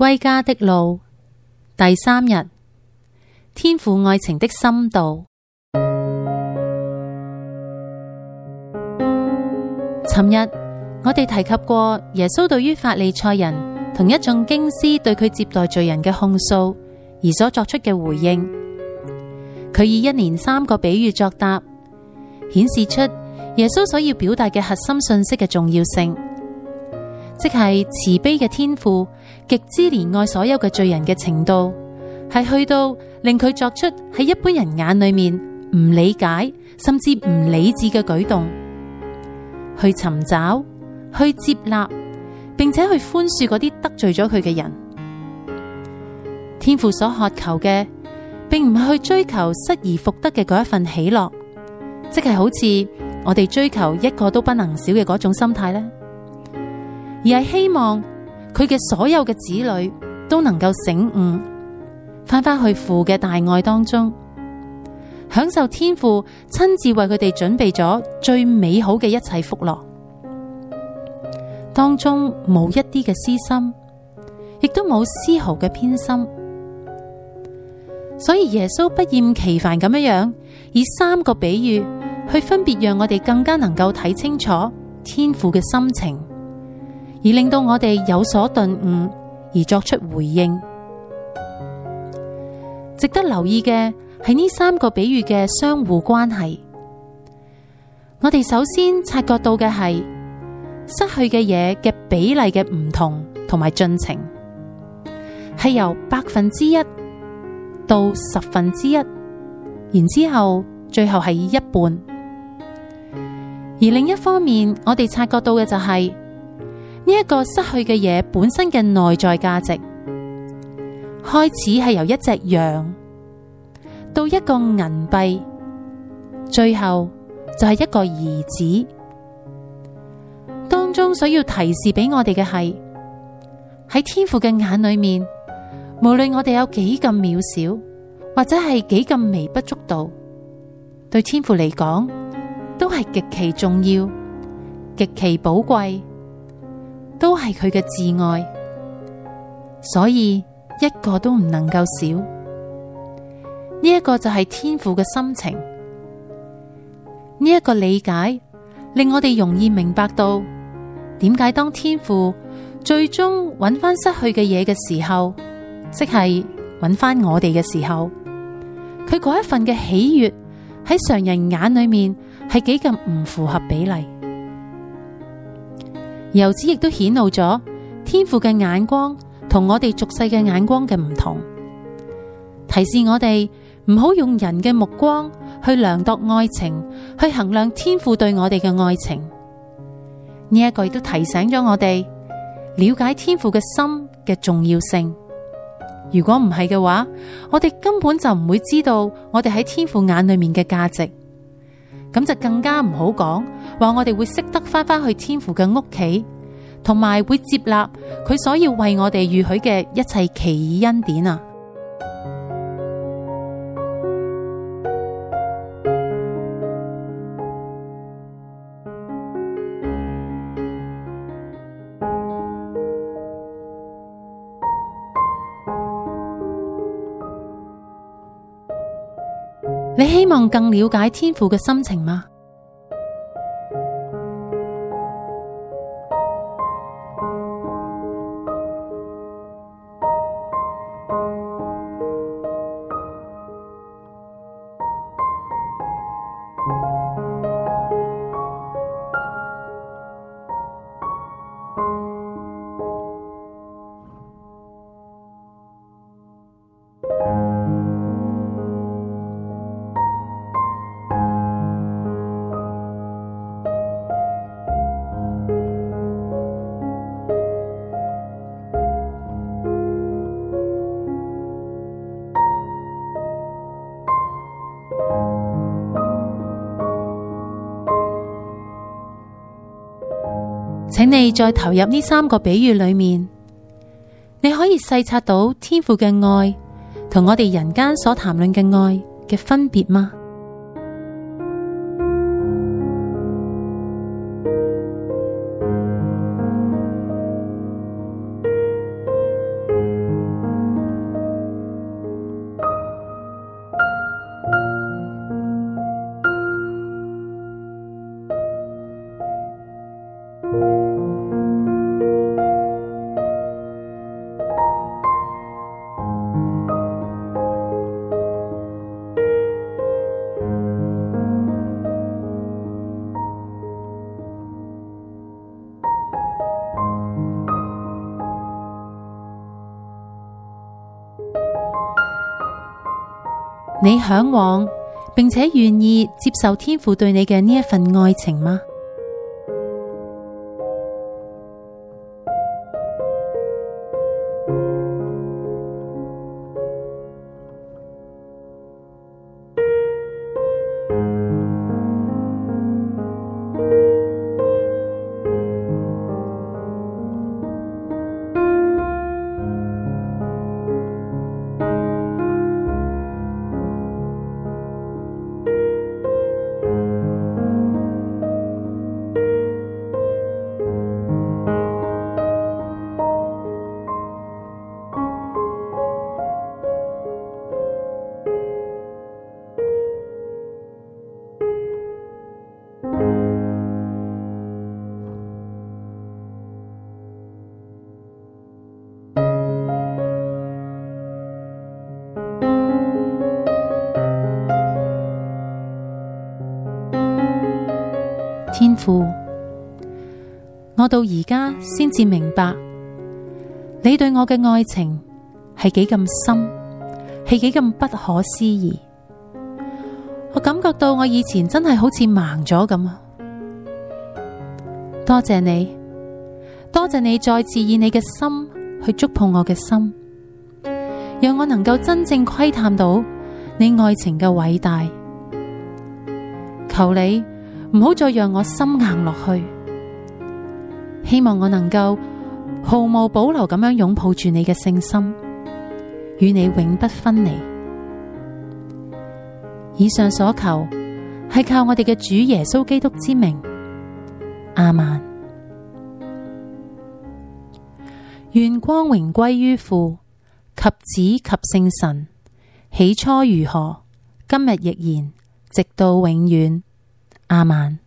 歸家的路，第三日，天父愛情的深度。尋日我哋提及過耶穌對於法利賽人同一眾經師對佢接待罪人嘅控訴而所作出嘅回應，佢以一連三個比喻作答，顯示出耶穌所要表達嘅核心信息嘅重要性。即係慈悲嘅天父，極之憐愛所有嘅罪人嘅程度，係去到令佢作出喺一般人眼裏面唔理解甚至唔理智嘅舉動，去尋找、去接納，並且去寬恕嗰啲得罪咗佢嘅人。天父所渴求嘅，並唔係去追求失而復得嘅嗰一份喜樂，即係好似我哋追求一個都不能少嘅嗰種心態咧。而係希望佢嘅所有嘅子女都能夠醒悟，翻返去父嘅大愛當中，享受天父親自為佢哋準備咗最美好嘅一切福樂。當中冇一啲嘅私心，亦都冇絲毫嘅偏心。所以耶穌不厭其煩咁樣樣，以三個比喻去分別，讓我哋更加能夠睇清楚天父嘅心情。而令到我哋有所頓悟，而作出回應。值得留意嘅係呢三個比喻嘅相互關係。我哋首先察覺到嘅係失去嘅嘢嘅比例嘅唔同同埋進程，係由百分之一到十分之一，然之後最後係一半。而另一方面，我哋察覺到嘅就係、是。呢一個失去嘅嘢本身嘅內在價值，開始係由一隻羊到一個銀幣，最後就係一個兒子。當中所要提示俾我哋嘅係喺天父嘅眼裏面，無論我哋有幾咁渺小，或者係幾咁微不足道，對天父嚟講都係極其重要、極其寶貴。都係佢嘅至愛，所以一個都唔能夠少。呢、這、一個就係天父嘅心情，呢、這、一個理解令我哋容易明白到點解當天父最終揾翻失去嘅嘢嘅時候，即係揾翻我哋嘅時候，佢嗰一份嘅喜悅喺常人眼裏面係幾咁唔符合比例。由此亦都顯露咗天父嘅眼光同我哋俗世嘅眼光嘅唔同，提示我哋唔好用人嘅目光去量度愛情，去衡量天父對我哋嘅愛情。呢一句都提醒咗我哋了解天父嘅心嘅重要性。如果唔係嘅話，我哋根本就唔會知道我哋喺天父眼裏面嘅價值。咁就更加唔好講話，我哋會識得翻返去天父嘅屋企，同埋會接納佢所要為我哋預許嘅一切奇異恩典啊！你希望更了解天父嘅心情嗎？請你再投入呢三個比喻裏面，你可以細察到天父嘅愛同我哋人間所談論嘅愛嘅分別嗎？你嚮往並且願意接受天父對你嘅呢一份愛情嗎？天父，我到而家先至明白，你對我嘅愛情係幾咁深，係幾咁不可思議。我感覺到我以前真係好似盲咗咁啊！多謝你，多謝你再次以你嘅心去觸碰我嘅心，讓我能夠真正窺探到你愛情嘅偉大。求你，唔好再讓我心硬落去，希望我能夠毫無保留咁樣擁抱住你嘅聖心，與你永不分離。以上所求，係靠我哋嘅主耶穌基督之名，亞孟。願光榮歸於父及子及聖神，起初如何，今日亦然，直到永遠。亞孟。